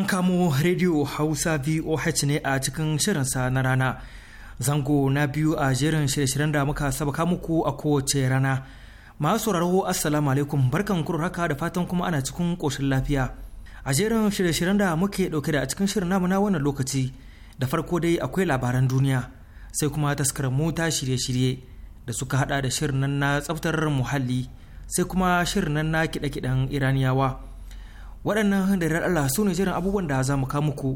An kamo rediyo Hausa VOH ne a cikin shirinsa na rana. Zango na biyu a jerin shirye-shiryen da muka sabaka muku a kowace rana. Masu sauraro Assalamu alaikum barkan kuro haka da fatan kuma ana cikin koshin lafiya. A jerin shirye-shiryen da muke ɗauke da a cikin shirin namu na wannan lokaci da farko dai akwai labaran duniya sai kuma taskarar mota shirye-shirye da suka hada da shirin nan na tsaftar muhalli sai kuma shirin nan na kiɗe-kiɗen Iraniyawa. waɗannan handarar Allah su ne jiran abubuwan da za mu kawo muku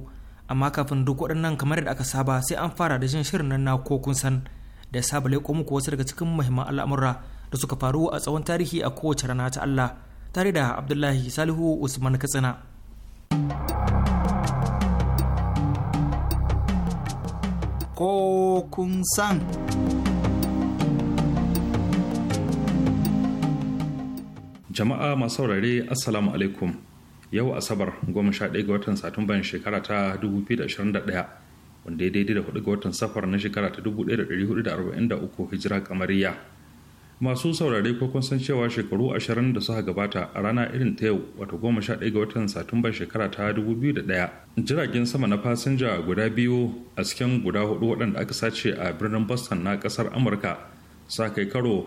amma kafin duk waɗannan kamar da aka saba sai an fara da jin shirin nan na ko kun san da ya saba leƙo muku wasu daga cikin muhimman al'amura da suka faru a tsawon tarihi a kowace rana ta Allah tare da Abdullahi Salihu Usman Katsina. Ko kun san. Jama'a masu saurare Assalamu alaikum. yau asabar 11 ga watan satumban shekara ta 2021 wanda ya daidai da 4 ga watan safar na shekara ta 1443 hijira kamariya masu saurare ko kun san cewa shekaru 20 da suka gabata a rana irin ta yau wato 11 ga watan satumban shekara ta 2001 jiragen sama na fasinja guda biyu a cikin guda hudu waɗanda aka sace a birnin boston na ƙasar amurka sa kai karo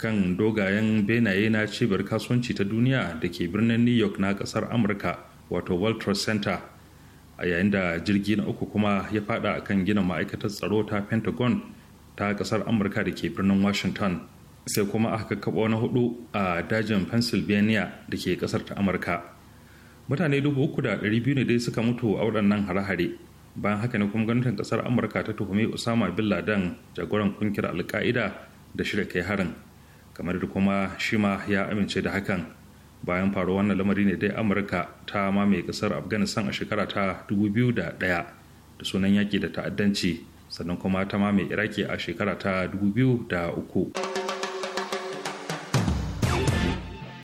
kan dogayen benaye na cibiyar kasuwanci ta duniya da ke birnin new york na kasar amurka wato world trade center a yayin da jirgi na uku kuma ya fada a kan gina ma'aikatar tsaro ta pentagon ta kasar amurka da ke birnin washington sai kuma aka kaba na hudu a dajin pennsylvania da ke kasar ta amurka mutane dubu uku da dari biyu ne dai suka mutu a waɗannan hare-hare bayan haka ne kuma gwamnatin kasar amurka ta tuhumi usama bin laden jagoran kungiyar alka'ida da shirya kai harin kamar da kuma shima ya amince da hakan bayan faruwar wannan lamari ne dai amurka ta mamaye kasar afghanistan a shekara ta 2001 da sunan yaƙi da ta'addanci sannan kuma ta mamaye iraki a shekara ta 2003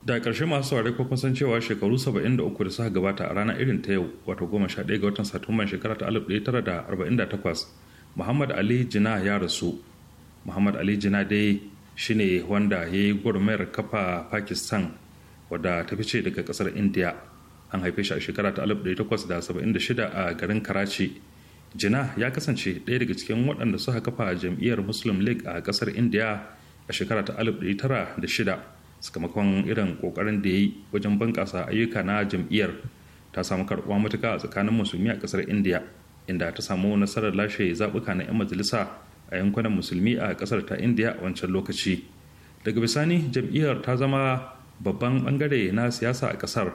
da ƙarshe masu saurari ko kun san cewa shekaru 73 da suka gabata a ranar irin ta yau wato 11 ga watan satumban shekara ta 1948 muhammad ali jina ya rasu muhammad ali jina dai shine wanda ya yi gwarmayar kafa pakistan wadda ta fice daga kasar india an haife shi a shekara ta 1876 a garin karachi jina ya kasance ɗaya daga cikin waɗanda suka kafa jam'iyyar muslim league a kasar india a shekara ta 1906 sakamakon irin ƙoƙarin da ya yi wajen bunƙasa ayyuka na jam'iyyar ta samu karɓuwa matuka a tsakanin musulmi a kasar india inda ta samu nasarar lashe zaɓuka na 'yan majalisa a yankunan musulmi a kasar ta indiya a wancan lokaci daga bisani jam'iyyar ta zama babban bangare na siyasa a kasar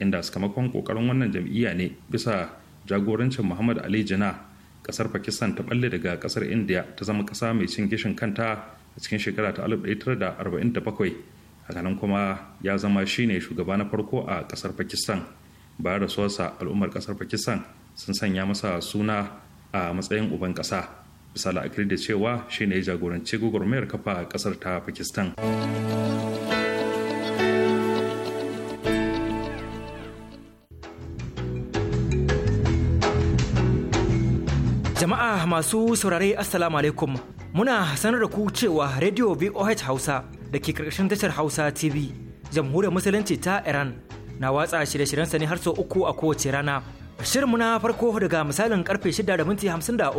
inda sakamakon kokarin wannan jam'iyya ne bisa jagorancin muhammad ali jina kasar pakistan ta balle daga kasar india ta zama kasa mai cin gishin kanta a cikin shekara ta 1947 hakanan kuma ya zama shine shugaba na farko a kasar pakistan bayan rasuwarsa al'ummar kasar pakistan sun sanya masa suna a matsayin uban kasa bisa la'akari da cewa shine ya jagoranci gwagwarmayar kafa a kasar ta pakistan jama'a masu saurare assalamu alaikum muna sanar da ku cewa radio voh hausa da ke karkashin tashar hausa tv jamhuriyar musulunci ta iran na watsa shirye-shiryensa ne har sau uku a kowace rana shirin na farko daga misalin karfe 6 da minti 53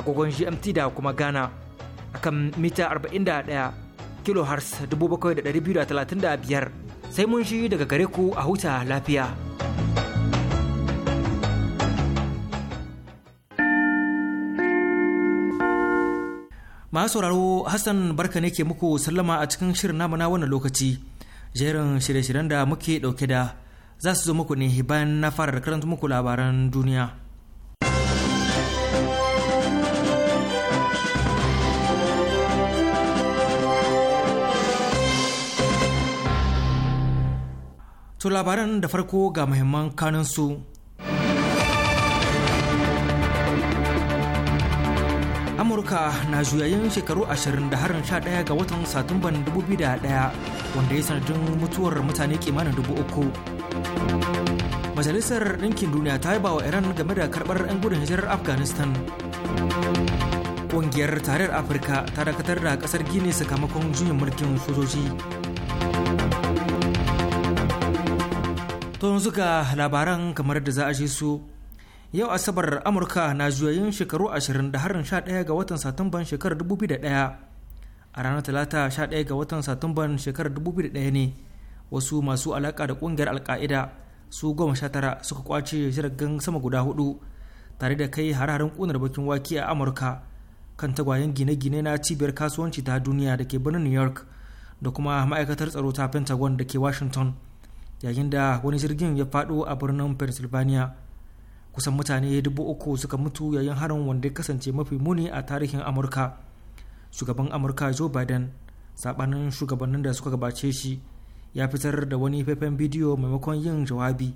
agogon gmt da kuma ghana akan mita 41 kilohertz 7,235 sai mun shi daga gare ku a huta lafiya masu sauraro hassan barka ne ke muku sallama a cikin shirin namu na wannan lokaci jerin shirye-shiryen da muke dauke da za su zo muku ne bayan na fara karanta muku labaran duniya To labaran da farko ga muhimman kanin su. Amurka na juyayin shekaru ashirin da harin ɗaya ga watan Satumban 2001 wanda ya sanadin mutuwar mutane kimanin dubu uku. Majalisar Ɗinkin Duniya ta yi wa Iran game da karɓar 'yan gudun hijirar Afghanistan. Ƙungiyar Tarayyar Afirka ta dakatar da ƙasar Gini sakamakon juyin mulkin sojoji. to yanzu ga labaran kamar da za a ji su yau asabar amurka na juyayin shekaru 20 da harin 11 ga watan satumban shekarar 2001 a ranar talata 11 ga watan satumban shekarar 2001 ne wasu masu alaka da kungiyar alka'ida su goma sha tara suka kwace jiragen sama guda hudu tare da kai hare kunar bakin wake a amurka kan tagwayen gine-gine na cibiyar kasuwanci ta duniya da ke birnin new york da kuma ma'aikatar tsaro ta pentagon da ke washington yayin da wani jirgin ya faɗo a birnin pennsylvania kusan mutane dubu uku suka mutu yayin harin wanda ya kasance mafi muni a tarihin amurka shugaban amurka joe biden sabanin shugabannin da suka gabace shi ya fitar da wani faifan bidiyo maimakon yin jawabi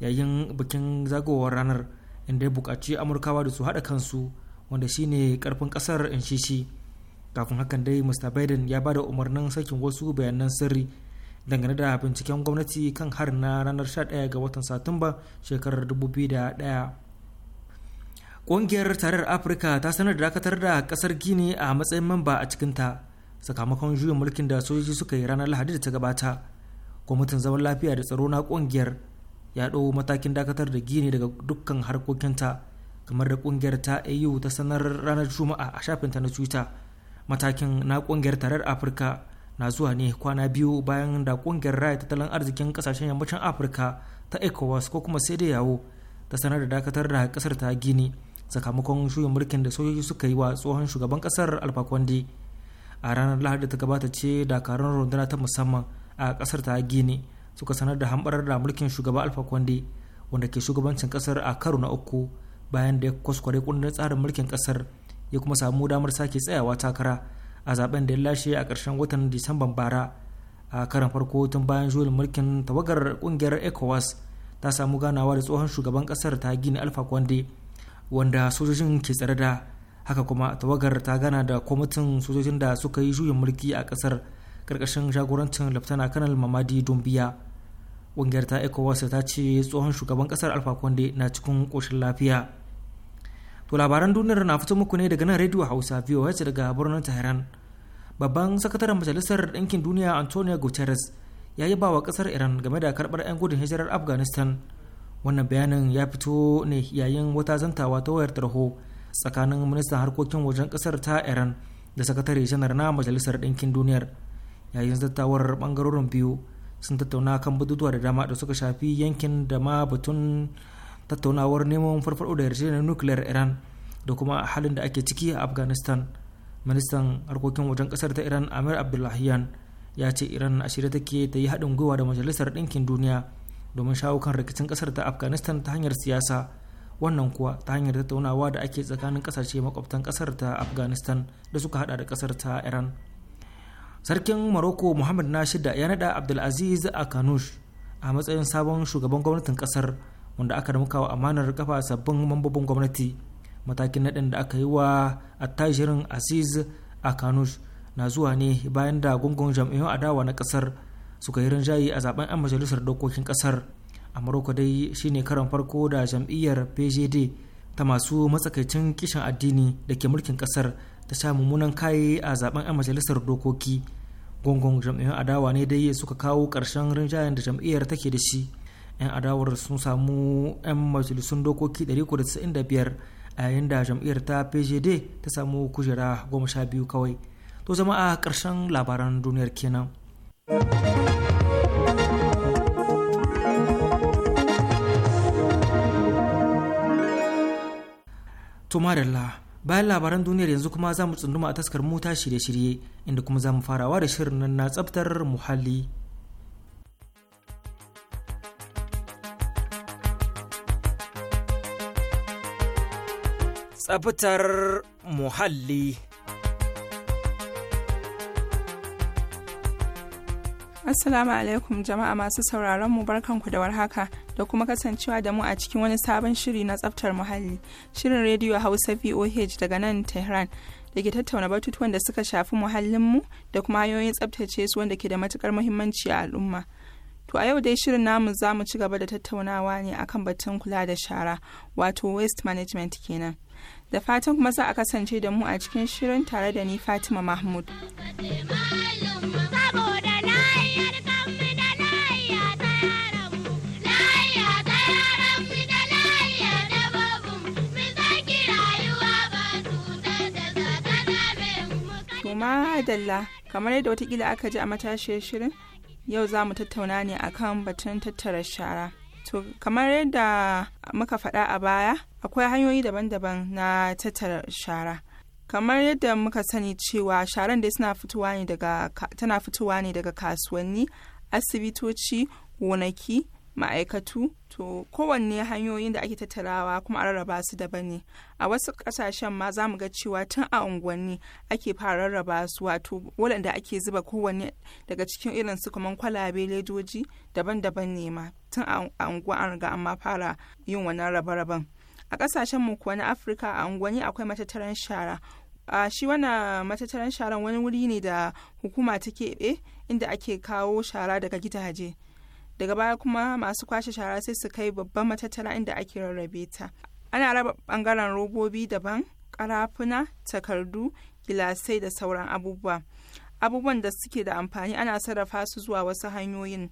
yayin bikin zagowar ranar inda ya buƙaci amurkawa da su haɗa kansu wanda shine karfin ƙasar in shi kafin hakan dai mr biden ya ba da umarnin sakin wasu bayanan sirri dangane da binciken gwamnati kan har na ranar 11 ga watan satumba shekarar 2001 Ƙungiyar tarar Afirka ta sanar da dakatar da ƙasar Gini a matsayin mamba a cikinta sakamakon juyin mulkin da sojoji suka yi ranar Lahadi da ta gabata. Kwamitin zaman lafiya da tsaro na ƙungiyar ya ɗau matakin dakatar da Gini daga dukkan harkokinta kamar da ƙungiyar ta AU ta sanar ranar Juma'a a shafinta na Twitter. Matakin na ƙungiyar tarar Afirka na zuwa ne kwana biyu bayan da kungiyar raya tattalin arzikin kasashen yammacin afirka ta ecowas ko kuma sai da yawo ta sanar da dakatar da kasar ta gini sakamakon shuyin mulkin da sojoji suka yi wa tsohon shugaban kasar alfa a ranar lahadi ta gabata ce dakarun runduna ta musamman a kasar ta gini suka sanar da hambarar da mulkin shugaba alfa wanda ke shugabancin kasar a karo na uku bayan da ya kwaskware kundin tsarin mulkin kasar ya kuma samu damar sake tsayawa takara a zaben da ya lashe a ƙarshen watan disamban bara a karan farko tun bayan juyin mulkin tawagar kungiyar ecowas ta samu ganawa da tsohon shugaban ƙasar ta gini alfa kwande wanda sojojin ke tsare da haka kuma tawagar ta gana da kwamitin sojojin da suka yi juyin mulki a ƙasar ƙarƙashin jagorancin laftana kanal mamadi dumbiya ƙungiyar ta ecowas ta ce tsohon shugaban ƙasar alfa kwande na cikin ƙoshin lafiya To labaran duniyar na fito muku ne daga nan Radio Hausa VOH daga birnin Tehran. Babban sakataren Majalisar Ɗinkin Duniya Antonio Guterres ya yi bawa ƙasar Iran game da karɓar 'yan gudun hijirar Afghanistan. Wannan bayanin ya fito ne yayin wata zantawa ta wayar tarho tsakanin ministan harkokin wajen ƙasar ta Iran da sakatare janar na Majalisar Ɗinkin Duniyar. Yayin zattawar ɓangarorin biyu sun tattauna kan bututuwa da dama da suka shafi yankin da ma batun tattaunawar neman farfado da yarjejeniyar nukiliyar iran da kuma halin da ake ciki a afghanistan ministan harkokin wajen kasar ta iran amir abdullahiyan ya ce iran a shirye take ta yi haɗin gwiwa da majalisar ɗinkin duniya domin shawo kan rikicin kasar ta afghanistan ta hanyar siyasa wannan kuwa ta hanyar tattaunawa da ake tsakanin kasashe makwabtan kasar ta afghanistan da suka hada da kasar ta iran sarkin maroko muhammad na shida ya naɗa abdulaziz a kanush a matsayin sabon shugaban gwamnatin kasar wanda aka wa amanar kafa sabbin mambobin gwamnati matakin naɗin da aka yi wa attajirin aziz akanush na zuwa ne bayan da gungun jam'iyyun adawa na kasar suka yi rinjaye a zaben 'yan majalisar dokokin kasar a maroko dai shine karan farko da jam'iyyar pjd ta masu matsakaicin kishin addini da ke mulkin kasar ta sha mummunan kayi a zaben 'yan majalisar dokoki gungun jam'iyyun adawa ne dai suka kawo ƙarshen rinjayen da jam'iyyar take da shi 'yan adawar sun samu 'yan majalisun dokoki 395 a yayin da jam'iyyar ta pjd ta samu kujera goma sha biyu kawai to a ƙarshen labaran duniyar kenan to bayan labaran duniyar yanzu kuma za mu tsunduma a taskar mota shirye-shirye inda kuma za mu farawa da shirin nan na tsabtar muhalli tsabtar muhalli. Assalamu alaikum jama'a masu sauraron mu barkanku da warhaka da kuma kasancewa da mu a cikin wani sabon shiri na tsaftar muhalli. Shirin rediyo Hausa VOH daga nan Tehran da ke tattauna batutuwan da suka shafi muhallinmu da kuma hanyoyin tsaftace su wanda ke da matukar muhimmanci a al'umma. To a yau dai shirin namu za mu ci gaba da tattaunawa ne akan batun kula da shara wato waste management kenan. da fatan kuma za a kasance da mu a cikin shirin tare da ni fatima mahmud madalla kamar yadda watakila aka ji a matashiyar shirin yau za mu tattauna ne akan batun tattara shara to kamar yadda muka faɗa a baya akwai hanyoyi daban-daban na tattara shara kamar yadda muka sani cewa sharan dai tana fitowa ne daga kasuwanni asibitoci gonaki ma'aikatu to kowanne hanyoyin da ake tattarawa kuma a rarraba su daban ne a wasu kasashen ma za mu ga cewa tun a unguwanni ake fara rarraba su wato waɗanda ake zuba kowanne daga cikin irin su kaman kwalabe ledoji daban-daban ne ma tun a unguwa an riga an ma fara yin wannan rabe-raben a kasashen mu kuwa na afirka a unguwanni akwai matattaran shara a shi wannan matattaran sharan wani wuri ne da hukuma ta keɓe inda ake kawo shara daga gidaje daga baya kuma masu kwashe shara sai su kai babban matattara inda ake rarrabe ta ana raba bangaren robobi daban karafuna takardu gilasai da sauran abubuwa abubuwan da suke da amfani ana sarrafa su zuwa wasu hanyoyin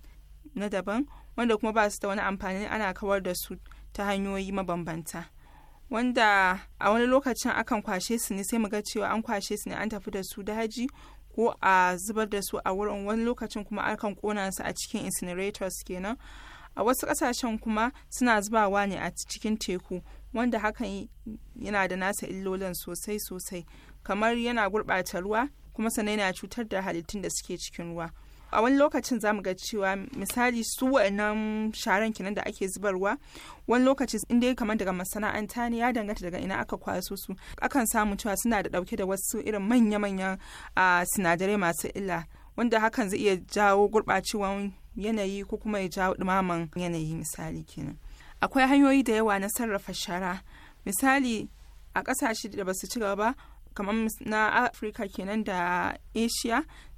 na daban wanda kuma ba su da wani amfani ana kawar da su ta hanyoyi mabambanta wanda a wani lokacin akan kwashe su ne sai mu ga cewa an kwashe su ne an tafi da su daji ko a zubar da su a wurin wani lokacin kuma akan kona su a cikin incinerators kenan a wasu kasashen kuma suna zubawa ne a cikin teku wanda hakan yana da nasa illolin sosai sosai kamar yana gurɓata ruwa kuma sannan yana cutar da halittun da suke cikin ruwa a wani lokacin zamu ga cewa misali su wa'annan sharan kenan da ake zubarwa wani lokaci inda ya kamar daga masana'anta ne ya danganta daga ina aka kwaso su akan samu cewa suna da dauke da wasu irin manya-manyan sinadarai masu illa wanda hakan zai iya jawo gurɓacewan yanayi ko kuma ya jawo ɗumaman yanayi misali kenan akwai hanyoyi da yawa na sarrafa shara misali a ƙasashe da basu ci gaba kamar na afirka kenan da asia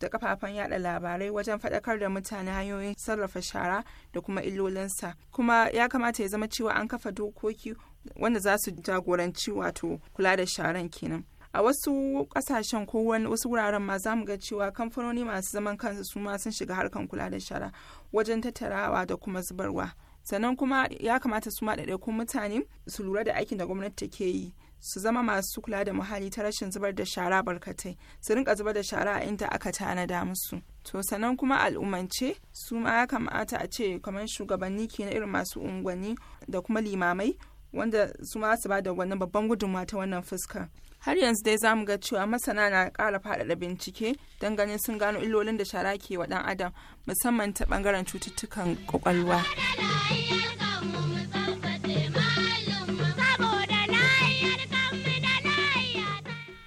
da kafafen yada labarai wajen faɗakar da mutane hanyoyin sarrafa shara da kuma illolinsa kuma ya kamata ya zama cewa an kafa dokoki wanda za su jagoranci wato kula da sharan kenan a wasu kasashen ko wasu wuraren ma za mu ga cewa kamfanoni masu zaman kansu su ma sun shiga harkan kula da shara wajen tattarawa da kuma zubarwa sannan kuma ya kamata su ma ɗaiɗaikun mutane su lura da aikin da gwamnati take yi su zama masu kula da muhalli ta rashin zubar da shara barkatai su rinka zubar da shara a inda aka tanada musu to sannan kuma al'umance su ma ya kamata a ce kamar shugabanni ke na irin masu unguwanni da kuma limamai wanda su ma su ba da wannan babban gudunmawa ta wannan fuska. har yanzu dai zamu ga cewa masana na ƙara faɗaɗa bincike don ganin sun gano illolin da shara ke wa ɗan adam musamman ta ɓangaren cututtukan ƙwaƙwalwa.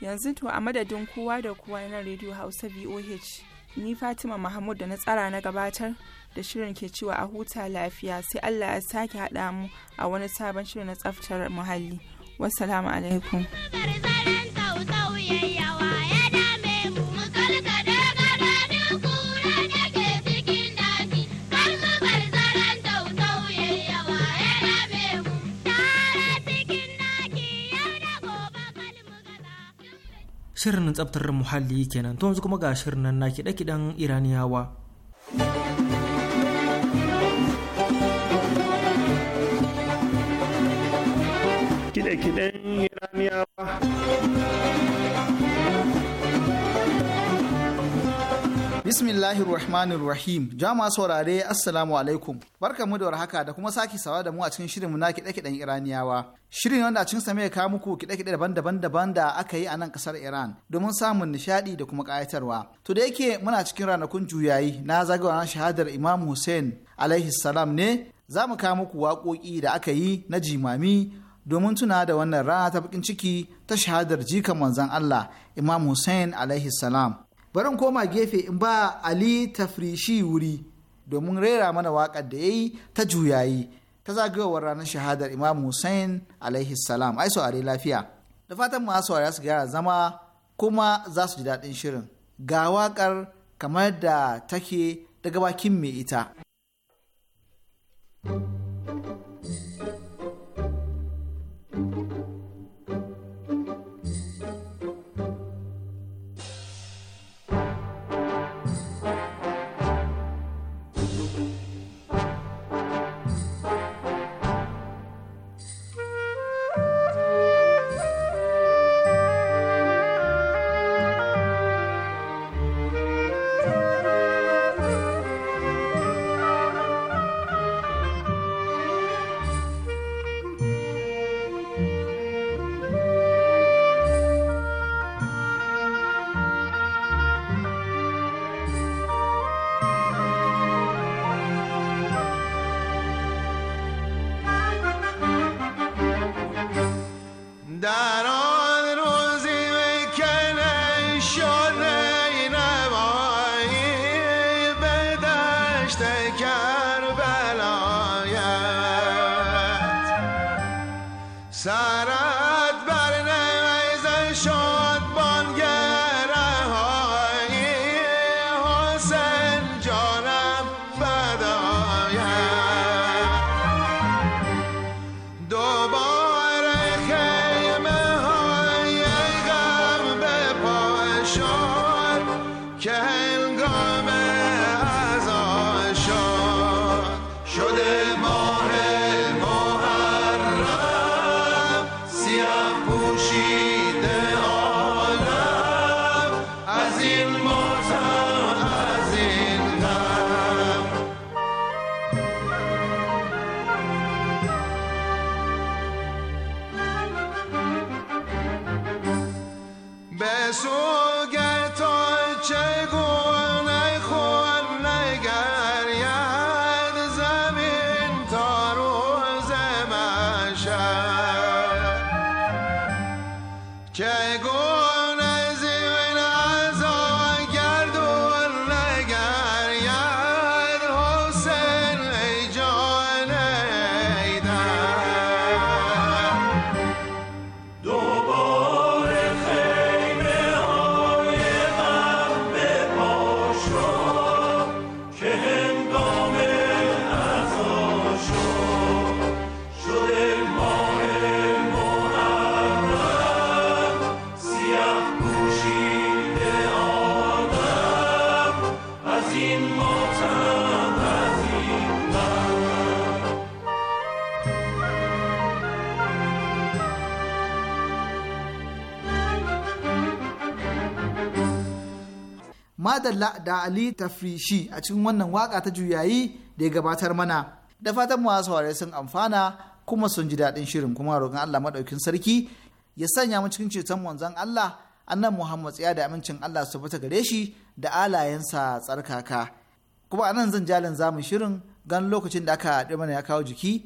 yanzu to a madadin kowa da kowa na radio hausa boh ni fatima mahmud da na tsara na gabatar da shirin ke cewa a huta lafiya sai allah ya sake haɗa mu a wani sabon shirin na tsaftar muhalli wasu alaikum shirin tsabtar muhalli kenan to yanzu kuma ga shirin nan na kiɗe-kiɗen iraniyawa kiɗe-kiɗen iraniyawa bismillahirrahmanirrahim Rahmanir Rahim. Jama saurare Assalamu alaikum. mu da warhaka da kuma sake sawa da mu a cikin shirinmu na kiɗe-kiɗen Iraniyawa. Shirin wanda cikin sa mai kawo muku kiɗe-kiɗe daban-daban daban da aka yi a nan ƙasar Iran domin samun nishaɗi da kuma ƙayatarwa. To da yake muna cikin ranakun juyayi na na shahadar Imam Hussein alaihi salam ne za mu kawo muku waƙoƙi da aka yi na jimami domin tuna da wannan rana ta bakin ciki ta shahadar jikan manzon Allah Imam Hussein alaihi salam. barin koma gefe in ba ali tafrishi wuri domin rera mana waƙar da ya yi ta juyayi ta zagayowar ranar shahadar imam hussein alaihi salam ai saurari lafiya da fatan masu saurari su gyara zama kuma za su ji daɗin shirin ga waƙar kamar da take daga bakin mai ita. thank you da ali shi a cikin wannan waka ta juyayi da ya gabatar mana da fatan mawa saurare sun amfana kuma sun ji daɗin shirin kuma roƙon Allah maɗaukin sarki ya sanya mu cikin ceton wanzan Allah annan Muhammad tsaya da amincin Allah su fita gare shi da alayensa tsarkaka kuma anan zan jalin zamu shirin gan lokacin da aka haɗe mana ya kawo jiki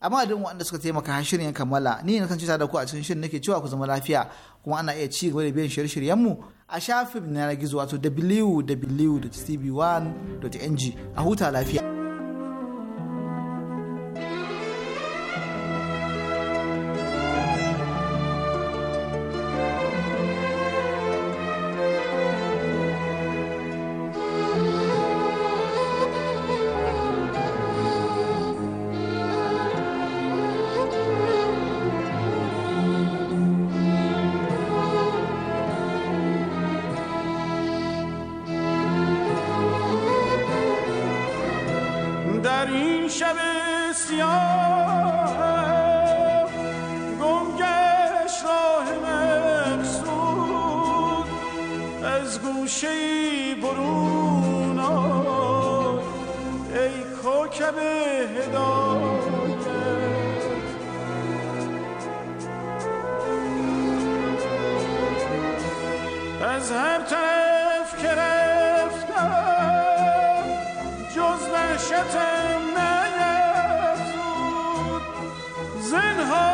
amma duk waɗanda suka taimaka har shirin ya kammala ni na kan cita da ku a cikin shirin nake cewa ku zama lafiya kuma ana iya ci gaba da biyan shirye-shiryenmu a shafin na gizo wato www.tv1.ng a huta lafiya. سیاه گمگشت راه مقصود از گوشه برون ای به هدایت از هر طرف که رفتم جز and hope.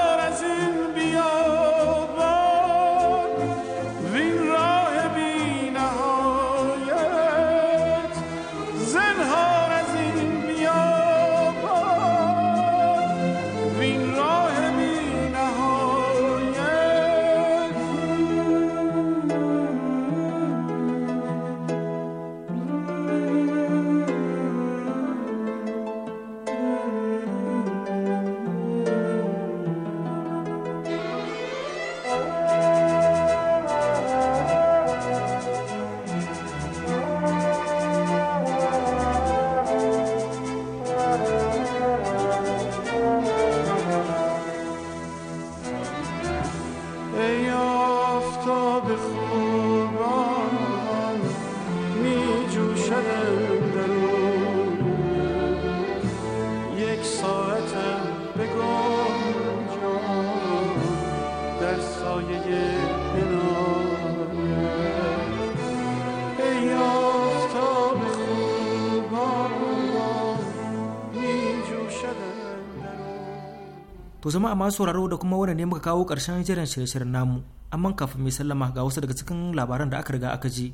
zama a masu sauraro da kuma wannan ne muka kawo ƙarshen jiran shirye-shiryen namu. Amma kafin mai sallama ga wasu daga cikin labaran da aka riga aka ji.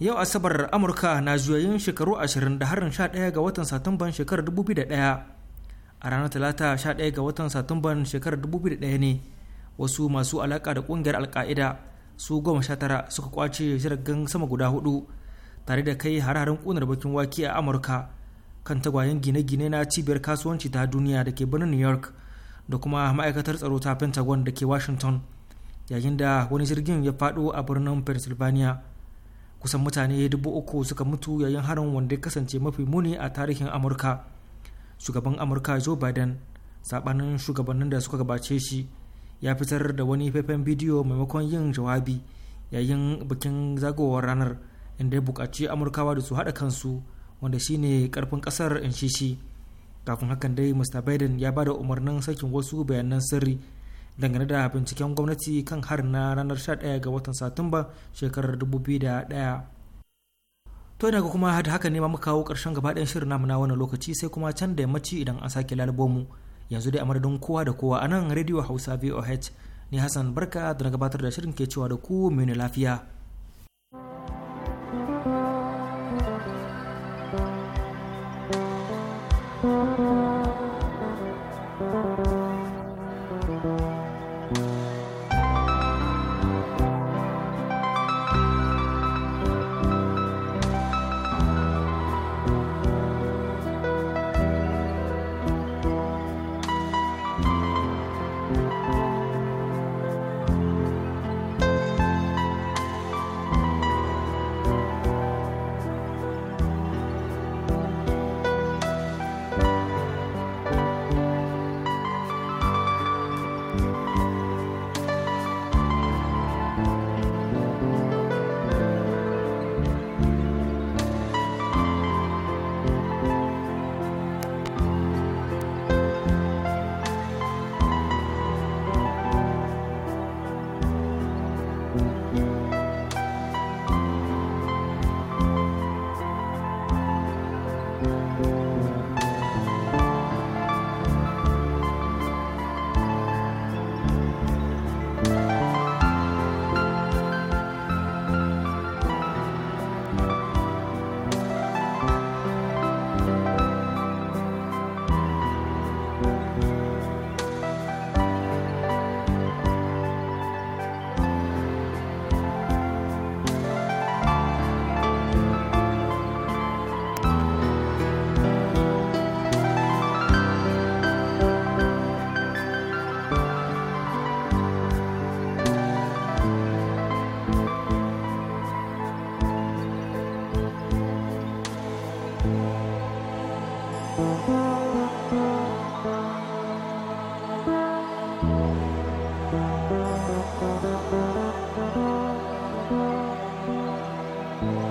Yau Asabar Amurka na juyayin shekaru ashirin da harin ɗaya ga watan Satumban shekarar ɗaya A ranar Talata ɗaya ga watan Satumban shekarar ɗaya ne wasu masu alaka da ƙungiyar Alka'ida su goma sha tara suka kwace jiragen sama guda hudu tare da kai hare-haren kunar bakin wake a Amurka kan tagwayen gine-gine na cibiyar kasuwanci ta duniya da ke birnin New York da kuma ma'aikatar tsaro ta pentagon da ke washington yayin da wani jirgin ya fado a birnin pennsylvania kusan mutane dubu uku suka mutu yayin harin wanda ya kasance mafi muni a tarihin amurka shugaban amurka joe biden sabanin shugabannin da suka gabace shi ya fitar da wani faifan bidiyo maimakon yin jawabi yayin bikin zagowar ranar inda ya bukaci amurkawa da su haɗa kansu wanda shine karfin ƙasar in shi kafin hakan dai mr biden ya ba da umarnin sakin wasu bayanan sirri dangane da binciken gwamnati kan har na ranar 11 ga watan satumba shekarar 2001 to daga kuma hada haka ne ma muka kawo karshen gaba shirin namu na lokaci sai kuma can da yammaci idan an sake lalubo yanzu dai a madadin kowa da kowa a nan rediyo hausa voh ni hassan barka da na gabatar da shirin ke cewa da ku mai lafiya thank you Thank you.